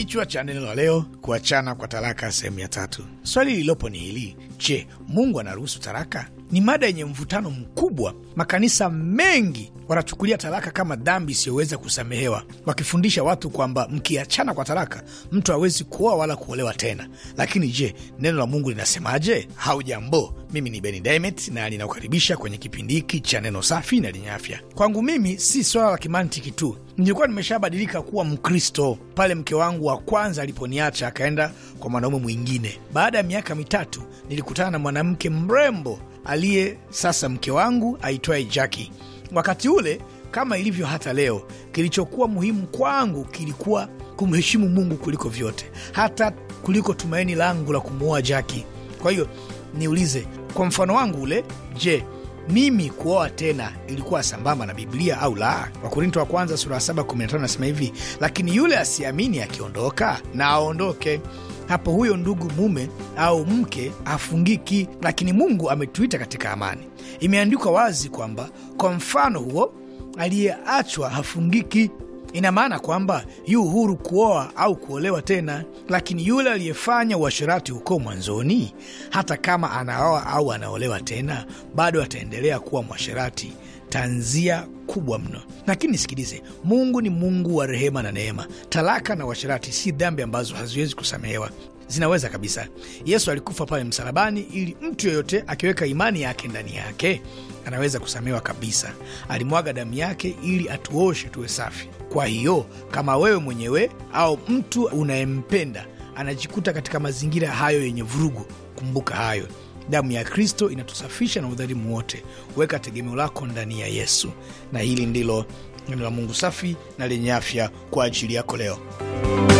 Kichwa cha neno la leo, kuachana kwa talaka, sehemu ya tatu. Swali lililopo ni hili: je, Mungu anaruhusu taraka ni mada yenye mvutano mkubwa. Makanisa mengi wanachukulia talaka kama dhambi isiyoweza kusamehewa, wakifundisha watu kwamba mkiachana kwa talaka mtu hawezi kuoa wala kuolewa tena. Lakini je, neno la Mungu linasemaje? Haujambo, mimi ni Beni Dimet na ninakukaribisha kwenye kipindi hiki cha neno safi na lenye afya. Kwangu mimi si swala la kimantiki tu, nilikuwa nimeshabadilika kuwa Mkristo pale mke wangu wa kwanza aliponiacha akaenda kwa mwanaume mwingine. Baada ya miaka mitatu nilikutana na mwanamke mrembo aliye sasa mke wangu aitwaye jaki Wakati ule kama ilivyo hata leo, kilichokuwa muhimu kwangu kilikuwa kumheshimu Mungu kuliko vyote, hata kuliko tumaini langu la kumuoa jaki Kwa hiyo niulize, kwa mfano wangu ule, je, mimi kuoa tena ilikuwa sambamba na Biblia au la? Wakorinto wa kwanza sura ya 7:15 nasema hivi, lakini yule asiamini akiondoka na aondoke hapo huyo ndugu mume au mke hafungiki, lakini Mungu ametuita katika amani. Imeandikwa wazi kwamba kwa mfano huo aliyeachwa hafungiki. Ina maana kwamba yu huru kuoa au kuolewa tena, lakini yule aliyefanya uasherati huko mwanzoni, hata kama anaoa au anaolewa tena, bado ataendelea kuwa mwasherati. Tanzia kubwa mno. Lakini nisikilize, Mungu ni Mungu wa rehema na neema. Talaka na uasherati si dhambi ambazo haziwezi kusamehewa zinaweza kabisa. Yesu alikufa pale msalabani ili mtu yoyote akiweka imani yake ndani yake anaweza kusamewa kabisa. Alimwaga damu yake ili atuoshe tuwe safi. Kwa hiyo kama wewe mwenyewe au mtu unayempenda anajikuta katika mazingira hayo yenye vurugu, kumbuka hayo damu ya Kristo inatusafisha na udhalimu wote. Weka tegemeo lako ndani ya Yesu, na hili ndilo neno la Mungu safi na lenye afya kwa ajili yako leo.